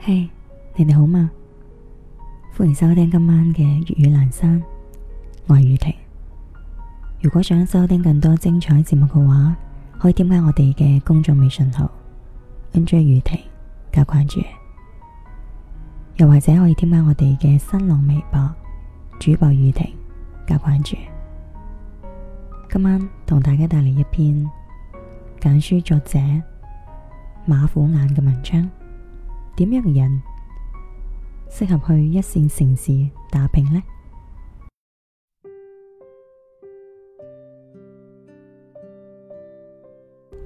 嘿，hey，你哋好嘛？歡迎收聽今晚嘅粵語闌珊，我係雨婷。如果想收聽更多精彩節目嘅話，可以添加我哋嘅公眾微信號 NJ 雨婷加關注，又或者可以添加我哋嘅新浪微博主播雨婷加關注。今晚同大家帶嚟一篇簡書作者馬虎眼嘅文章。點樣嘅人適合去一線城市打拼呢？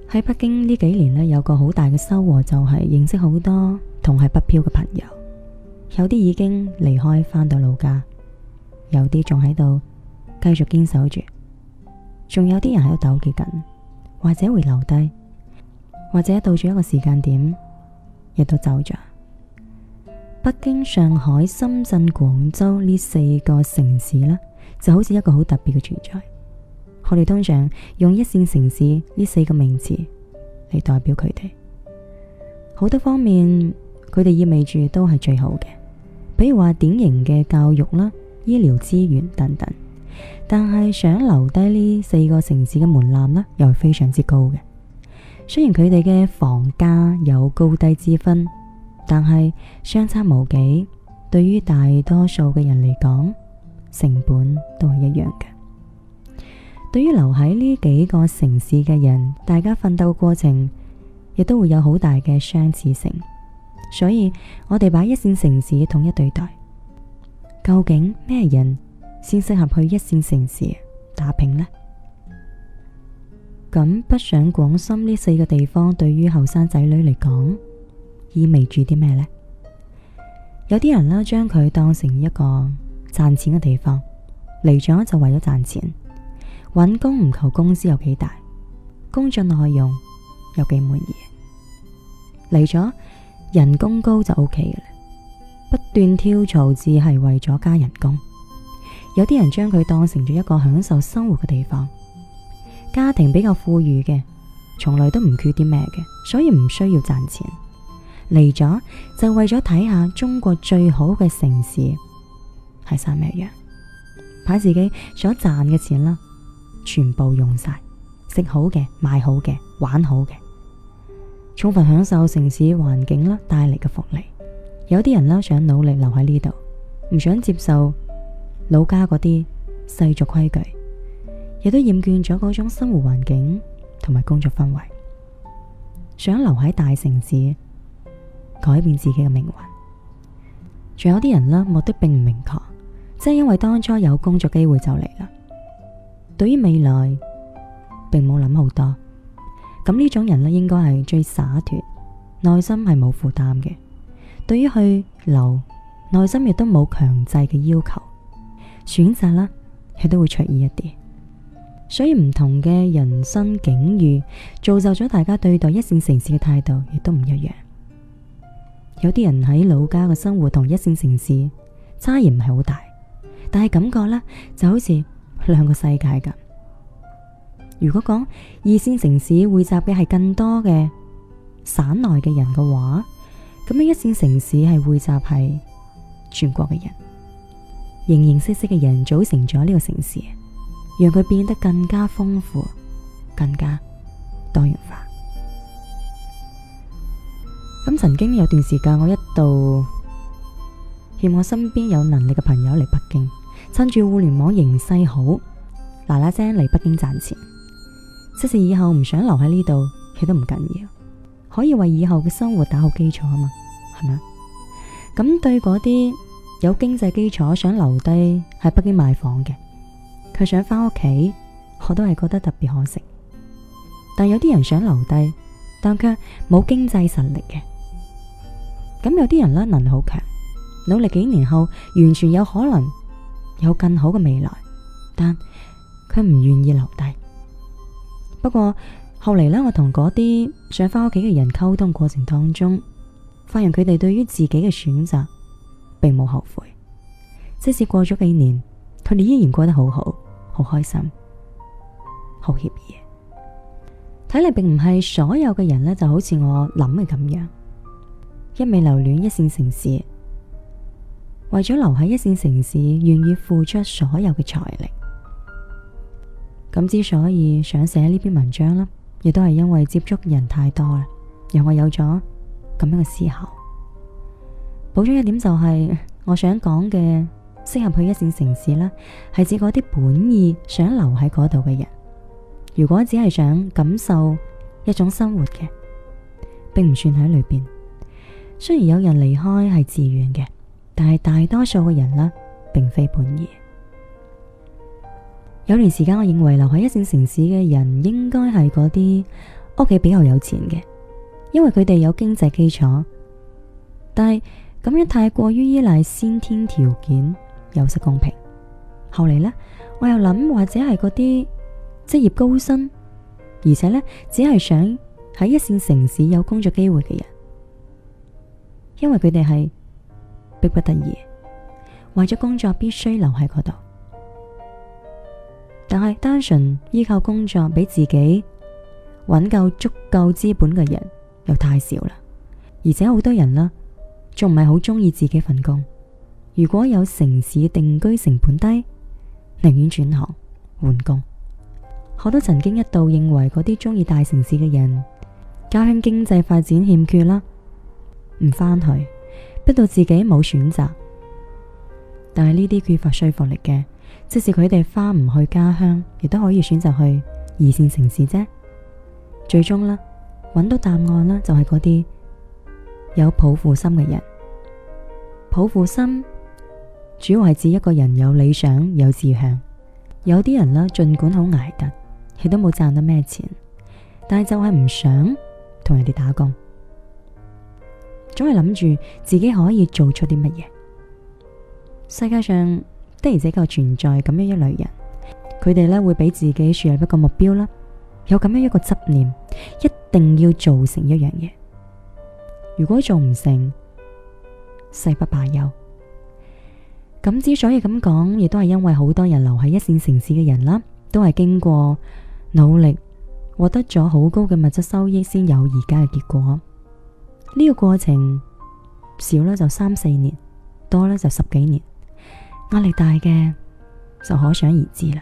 喺 北京呢幾年呢，有個好大嘅收穫，就係認識好多同係北漂嘅朋友。有啲已經離開翻到老家，有啲仲喺度繼續堅守住，仲有啲人喺度糾結緊，或者會留低，或者到咗一個時間點亦都走咗。北京、上海、深圳、廣州呢四個城市啦，就好似一個好特別嘅存在。我哋通常用一線城市呢四個名詞嚟代表佢哋。好多方面，佢哋意味住都係最好嘅，比如話典型嘅教育啦、醫療資源等等。但係想留低呢四個城市嘅門檻啦，又係非常之高嘅。雖然佢哋嘅房價有高低之分。但係相差無幾，對於大多數嘅人嚟講，成本都係一樣嘅。對於留喺呢幾個城市嘅人，大家奮鬥過程亦都會有好大嘅相似性。所以我哋把一綫城市統一對待。究竟咩人先適合去一綫城市打拼呢？咁北上廣深呢四個地方，對於後生仔女嚟講，意味住啲咩呢？有啲人啦，將佢當成一個賺錢嘅地方。嚟咗就為咗賺錢，揾工唔求公司有幾大，工作內容有幾滿意。嚟咗，人工高就 OK 嘅。不斷跳槽只係為咗加人工。有啲人將佢當成咗一個享受生活嘅地方，家庭比較富裕嘅，從來都唔缺啲咩嘅，所以唔需要賺錢。嚟咗就為咗睇下中國最好嘅城市係生咩樣，把自己所賺嘅錢啦，全部用晒，食好嘅，買好嘅，玩好嘅，充分享受城市環境啦帶嚟嘅福利。有啲人啦，想努力留喺呢度，唔想接受老家嗰啲世俗規矩，亦都厭倦咗嗰種生活環境同埋工作氛圍，想留喺大城市，改變自己嘅命運，仲有啲人咧，目的並唔明確，即係因為當初有工作機會就嚟啦。對於未來並冇諗好多，咁呢種人呢，應該係最灑脫，內心係冇負擔嘅。對於去留，內心亦都冇強制嘅要求，選擇啦亦都會隨意一啲。所以唔同嘅人生境遇，造就咗大家對待一線城市嘅態度亦都唔一樣。有啲人喺老家嘅生活同一線城市差異唔係好大，但係感覺咧就好似兩個世界噉。如果講二線城市匯集嘅係更多嘅省內嘅人嘅話，咁樣一線城市係匯集係全國嘅人，形形色色嘅人組成咗呢個城市，讓佢變得更加豐富，更加多元化。咁曾經有段時間，我一度欠我身邊有能力嘅朋友嚟北京，趁住互聯網形勢好，嗱嗱聲嚟北京賺錢。即使以後唔想留喺呢度，亦都唔緊要，可以為以後嘅生活打好基礎啊嘛，係咪啊？咁對嗰啲有經濟基礎想留低喺北京買房嘅，佢想返屋企，我都係覺得特別可惜。但有啲人想留低，但卻冇經濟實力嘅。咁有啲人咧，能力好強，努力幾年後完全有可能有更好嘅未來，但佢唔願意留低。不過後嚟咧，我同嗰啲想返屋企嘅人溝通過程當中，發現佢哋對於自己嘅選擇並冇後悔，即使過咗幾年，佢哋依然過得好好，好開心，好愜意。睇嚟並唔係所有嘅人咧，就好似我諗嘅咁樣。一味留戀一線城市，為咗留喺一線城市，願意付出所有嘅財力。咁之所以想寫呢篇文章啦，亦都係因為接觸人太多啦，讓我有咗咁樣嘅思考。補充一點就係，我想講嘅適合去一線城市啦，係指嗰啲本意想留喺嗰度嘅人。如果只係想感受一種生活嘅，並唔算喺裏邊。雖然有人離開係自願嘅，但係大多數嘅人呢，並非本意。有段時間，我認為留喺一線城市嘅人應該係嗰啲屋企比較有錢嘅，因為佢哋有經濟基礎。但係咁樣太過於依賴先天條件，有失公平。後嚟呢，我又諗或者係嗰啲職業高薪，而且呢，只係想喺一線城市有工作機會嘅人。因為佢哋係迫不得已，為咗工作必須留喺嗰度。但係單純依靠工作俾自己揾夠足夠資本嘅人又太少啦，而且好多人啦，仲唔係好中意自己份工。如果有城市定居成本低，寧願轉行換工。我都曾經一度認為嗰啲中意大城市嘅人，家鄉經濟發展欠缺啦。唔翻去，逼到自己冇選擇。但係呢啲缺乏說服力嘅，即使佢哋翻唔去家鄉，亦都可以選擇去二線城市啫。最終啦，揾到答案啦，就係嗰啲有抱負心嘅人。抱負心主要係指一個人有理想、有志向。有啲人啦，盡管好挨得，亦都冇賺到咩錢，但係就係唔想同人哋打工。總係諗住自己可以做出啲乜嘢。世界上的而且確存在咁樣一類人，佢哋咧，會俾自己樹立一個目標啦，有咁樣一個執念，一定要做成一樣嘢。如果做唔成，誓不罷休。咁之所以咁講，亦都係因為好多人留喺一線城市嘅人啦，都係經過努力獲得咗好高嘅物質收益，先有而家嘅結果。呢個過程少咧就三四年，多咧就十幾年，壓力大嘅就可想而知啦。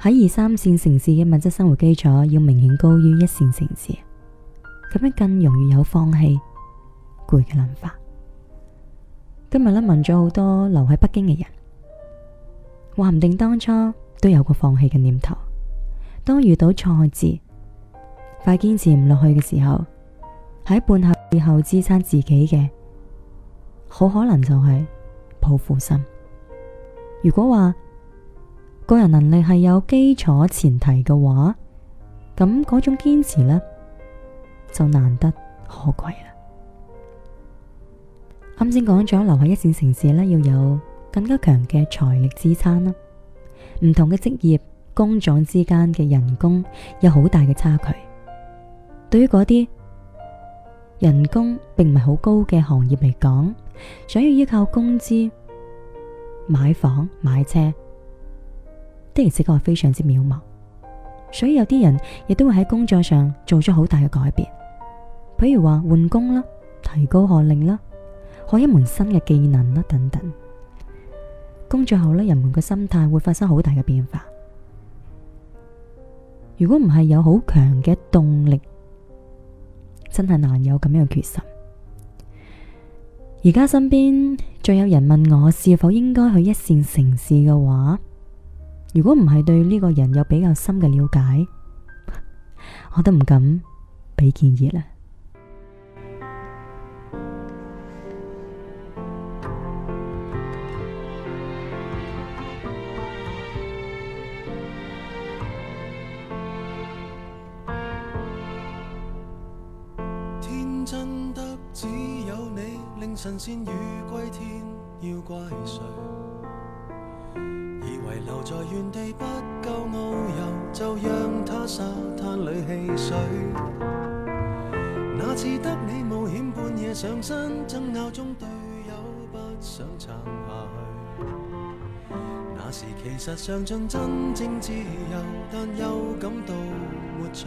喺二三線城市嘅物質生活基礎要明顯高於一線城市，咁樣更容易有放棄、攰嘅諗法。今日呢，問咗好多留喺北京嘅人，話唔定當初都有個放棄嘅念頭，當遇到挫折、快堅持唔落去嘅時候。喺背後支撐自己嘅，好可能就係抱負心。如果話個人能力係有基礎前提嘅話，咁嗰種堅持呢，就難得可貴啦。啱先講咗，留喺一線城市呢，要有更加強嘅財力支撐啦。唔同嘅職業工種之間嘅人工有好大嘅差距，對於嗰啲。人工並唔係好高嘅行業嚟講，想要依靠工資買房買車，的而且確係非常之渺茫。所以有啲人亦都會喺工作上做出好大嘅改變，譬如話換工啦、提高學歷啦、學一門新嘅技能啦等等。工作後咧，人們嘅心態會發生好大嘅變化。如果唔係有好強嘅動力。真係難有咁樣嘅決心。而家身邊仲有人問我是否應該去一線城市嘅話，如果唔係對呢個人有比較深嘅了解，我都唔敢俾建議啦。神仙魚歸天要怪誰？以為留在原地不夠遨遊，就讓它沙灘裏戲水。那次得你冒險半夜上山，爭拗中隊友不想撐下去。那時其實嚐盡真正自由，但又感到沒趣。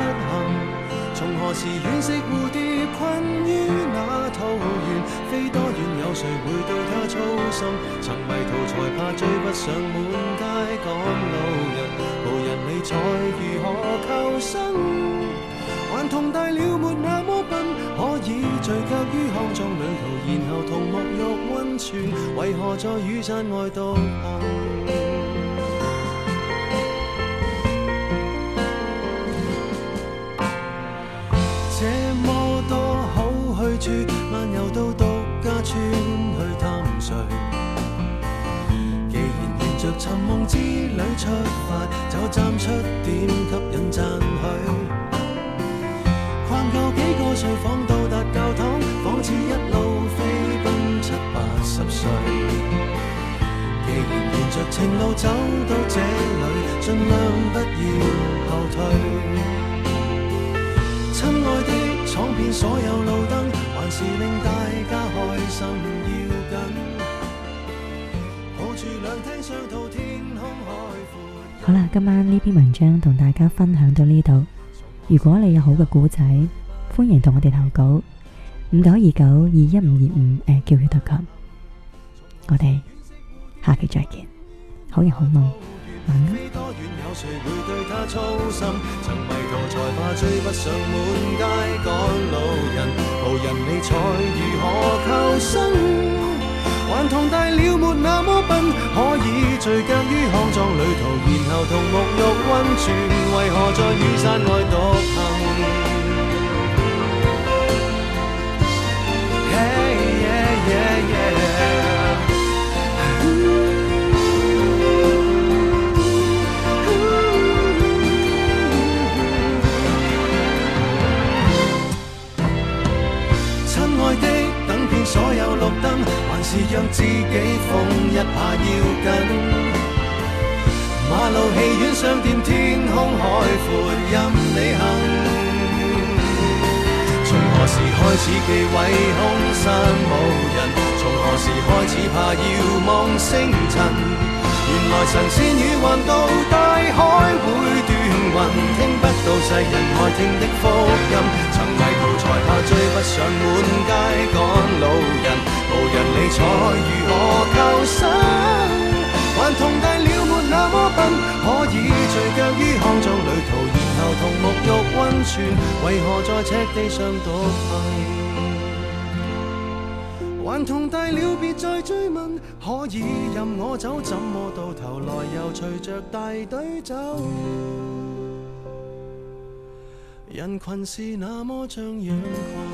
從何時惋惜蝴蝶困於那桃源？飛多遠有誰會對他操心？曾迷途才怕追不上滿街趕路人，無人理睬如何求生？頑童大了沒那麼笨，可以聚腳於康莊旅途，然後同沐浴溫泉，為何在雨傘外獨行？情路走到這裏，盡量不要後退。親愛的，闖遍所有路燈，還是令大家開心要緊。抱住兩聽雙套天空海闊。好啦，今晚呢篇文章同大家分享到呢度。如果你有好嘅故仔，歡迎同我哋投稿五九二九二一五二五誒，叫佢都得。我哋下期再見。可以好嗎，飛多遠有誰會對他操心，曾迷途才怕追不上滿街趕路人，無人理睬如何求生，頑童大了沒那麼笨，可以聚腳於康莊旅途，然後同沐浴溫泉，為何在雨傘外獨，是讓自己瘋一下要緊，馬路戲院商店天空海闊任你行。從何時開始忌諱空山無人？從何時開始怕遙望星塵？原來神仙魚橫渡大海會斷魂，聽不到世人愛聽的福音。曾迷途才怕追不上滿街趕路人。為何在赤地上獨行？頑童大了，別再追問。可以任我走，怎麼到頭來又隨着大隊走？人群是那麼像羊群。